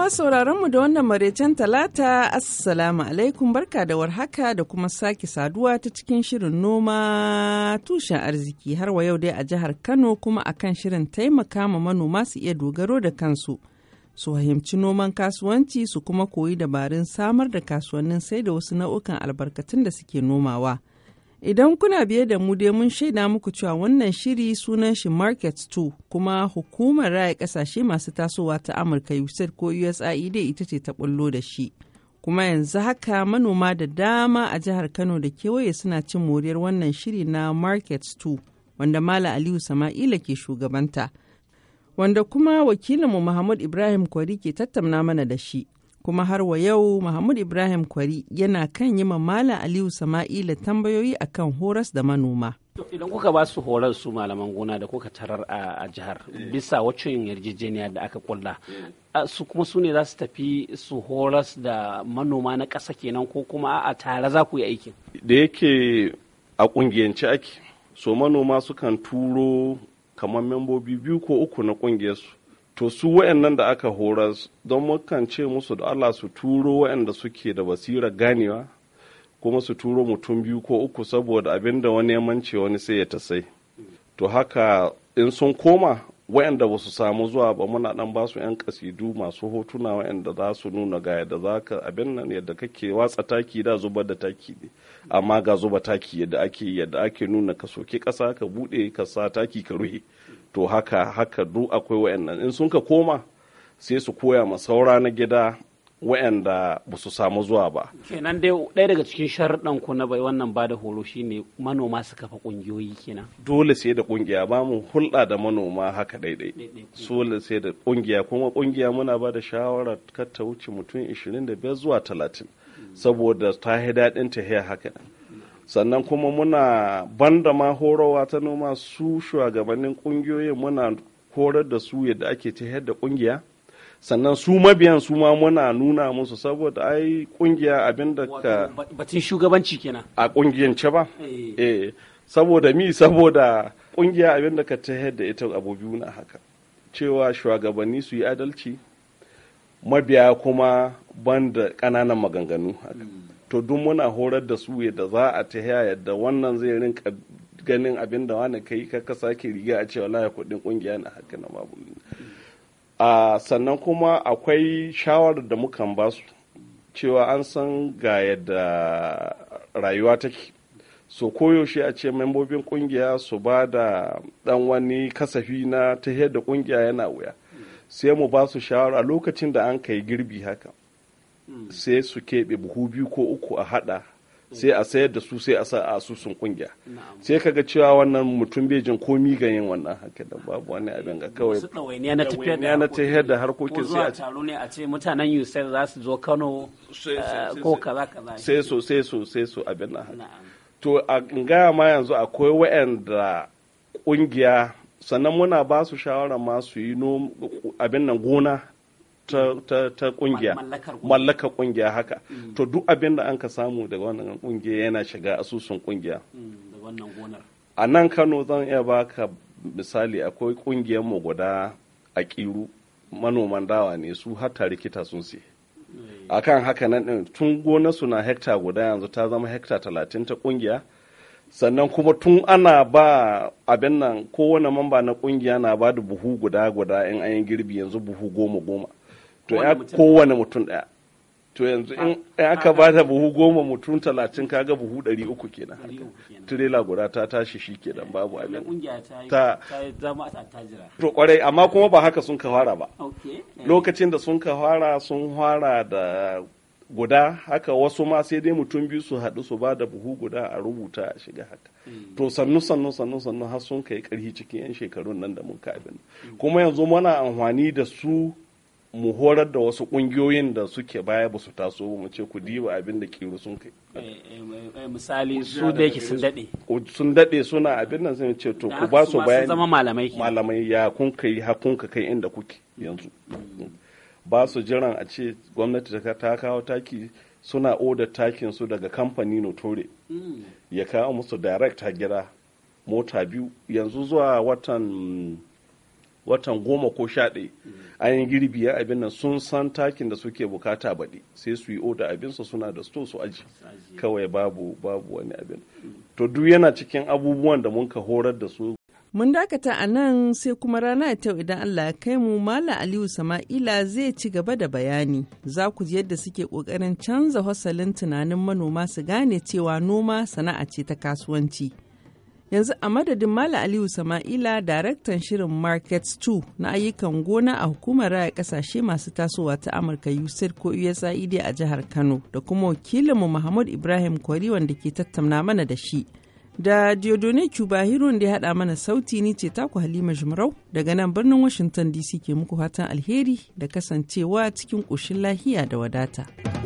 masu sauraronmu da wannan maraicen talata assalamu alaikum barka da warhaka da kuma sake saduwa ta cikin shirin noma tushen arziki har wa yau dai a jihar Kano kuma a kan shirin taimaka ma manoma su iya dogaro da kansu su fahimci noman kasuwanci su kuma koyi dabarun samar da kasuwannin sai da wasu nau'ukan albarkatun da suke nomawa. Idan kuna biye da mu dai mun shaida muku cewa wannan shiri sunan shi Market 2 kuma hukumar raya kasashe masu tasowa ta Amurka USAID ko USAID e ita ce ta bullo da shi. Kuma yanzu haka manoma da dama a jihar Kano da kewaye suna cin moriyar wannan shiri na Market 2 wanda Malam Aliyu Sama'ila ke shugabanta. Wanda kuma wakilinmu Muhammad Ibrahim Kwari ke tattauna mana da shi. kuma har wa yau Muhammad Ibrahim Kwari yana kan yi Malam Aliyu Sama'ila tambayoyi akan horas da manoma. Idan kuka ba su horar su malaman gona da kuka tarar a jihar bisa yin yarjejeniya da aka kulla su kuma su ne za su tafi su horas da manoma na ƙasa kenan ko kuma a tare za ku yi aikin. Da yake a ƙungiyance ake so manoma sukan turo kamar membobi biyu ko uku na ƙungiyarsu to su wayannan da aka horar don mukan ce musu da Allah su turo da suke da basira ganewa kuma su turo mutum biyu ko uku saboda abin da wani mance wani sai ya tasai to haka in sun koma wayanda ba su samu zuwa ba muna dan basu yan kasidu masu hotuna da za su nuna ga yadda za ka abin nan yadda kake watsa taki da zubar da taki ne amma ga zuba taki yadda ake yadda ake nuna ka soke kasa ka bude ka sa taki ka ruhe to haka haka du akwai wayannan in sun ka koma sai su koya ma saura na gida wayanda ba su samu zuwa ba kenan dai ɗaya daga cikin sharuɗan ku na bai wannan ba da horo shine manoma su kafa ƙungiyoyi kenan dole sai da ƙungiya ba mu hulɗa da manoma haka daidai dole sai da ƙungiya kuma ƙungiya muna ba da shawarar kar ta wuce mutum 25 zuwa 30 hmm. saboda ta daɗin ta haka sannan kuma muna banda ma horowa ta noma su shugabannin kungiyoyin muna horar da su yadda ake tafiyar da kungiya sannan su mabiyan su ma muna nuna musu saboda ai kungiya da ka batun shugabanci kenan a kungiyance ba eh. eh saboda mi saboda kungiya da ka tafiyar da ita abu biyu na haka cewa shugabanni su yi adalci mabiya kuma banda ƙananan maganganu haka mm. to duk muna horar da su yadda za a ta yadda wannan zai rinka ganin abin da wani kai ka sake riga a cewa laye kudin kungiya na haka na babu a sannan kuma akwai shawarar da mukan ba su cewa an san ga yadda rayuwa take so koyaushe a ce membobin kungiya su ba da dan wani kasafi na ta da kungiya yana wuya sai mu ba su shawara lokacin da an kai girbi haka sai su keɓe buhu biyu ko uku a hada sai a sayar da su sai a sa a asusun kungiya sai ka ga cewa wannan mutum bai jin komi ga yin wannan haka da babu wani abin ga kawai ɗawainiya na tafiyar da harkokin sai a taro ne a ce mutanen yusuf za su zo kano eh, ko kaza kaza sai so sai so sai so abin na haka to a gaya ma yanzu akwai wa'anda kungiya sannan muna ba su shawara ma su yi abin nan gona ta kungiya mallaka kungiya haka mm. to duk abin da an ka samu daga wannan kungiya yana shiga asusun kungiya mm, a nan kano zan iya baka misali akwai kungiyar mu guda a kiru manoman dawa ne su hatta rikita sun siye eh. akan haka nan din tun gona na hekta guda yanzu ta zama hekta talatin ta kungiya sannan kuma tun ana ba abin nan kowane mamba na kungiya na ba da buhu guda guda in an yi girbi yanzu buhu goma goma to ya kowane mutum ɗaya to yanzu in ah, aka ah, ba da ah. buhu goma mutum talatin kaga buhu ɗari uku kenan tirela guda ta tashi shi kenan babu eh, abin ta to kwarai amma kuma ba haka sun ka fara ba eh. lokacin da sun ka fara sun fara da guda haka wasu ma sai dai mutum biyu su haɗu su ba da buhu guda a rubuta a shiga haka eh. to sannu sannu sannu sannu har sun kai ƙarfi cikin 'yan shekarun nan da mun kafin abin mm. kuma yanzu muna amfani da su mu horar da wasu kungiyoyin da suke baya ba su taso mu ce ku diba abin da kiru sun kai eh, eh, eh, misali su da yake sun dade sun dade suna abin nan sai ce to ku ba su bayani zama malamai malamai ya kun kai ha kun ka kai inda kuke yanzu ba su jiran a ce gwamnati ta kawo taki suna oda takin su daga kamfani notore hmm. ya kawo musu direct ha gida mota biyu yanzu zuwa watan watan goma ko sha ɗaya hmm. ayin girbi ya abin nan sun san takin da suke bukata baɗi sai su yi oda su suna da sto su aji kawai babu babu wani abin to duk yana cikin abubuwan da mun ka horar da su Mun dakata a nan sai kuma rana ta idan Allah ya kai mu Malam Aliyu Sama'ila zai ci gaba da bayani. Za ku ji yadda suke ƙoƙarin canza hasalin tunanin manoma su gane cewa noma sana'a ce ta kasuwanci. Yanzu a madadin Mala Aliyu Sama'ila, daraktan shirin Markets 2 na ayyukan gona a hukumar raya kasashe masu tasowa ta Amurka USAID ko USAID a jihar Kano da kuma wakilinmu mahmud Ibrahim Kwari wanda ke tattauna mana da shi. Da Diodone Cubahiro da ya haɗa mana sauti ni ce taku Halima jimarau daga nan birnin Washington DC ke muku fatan alheri da kasancewa cikin ƙoshin lahiya da wadata.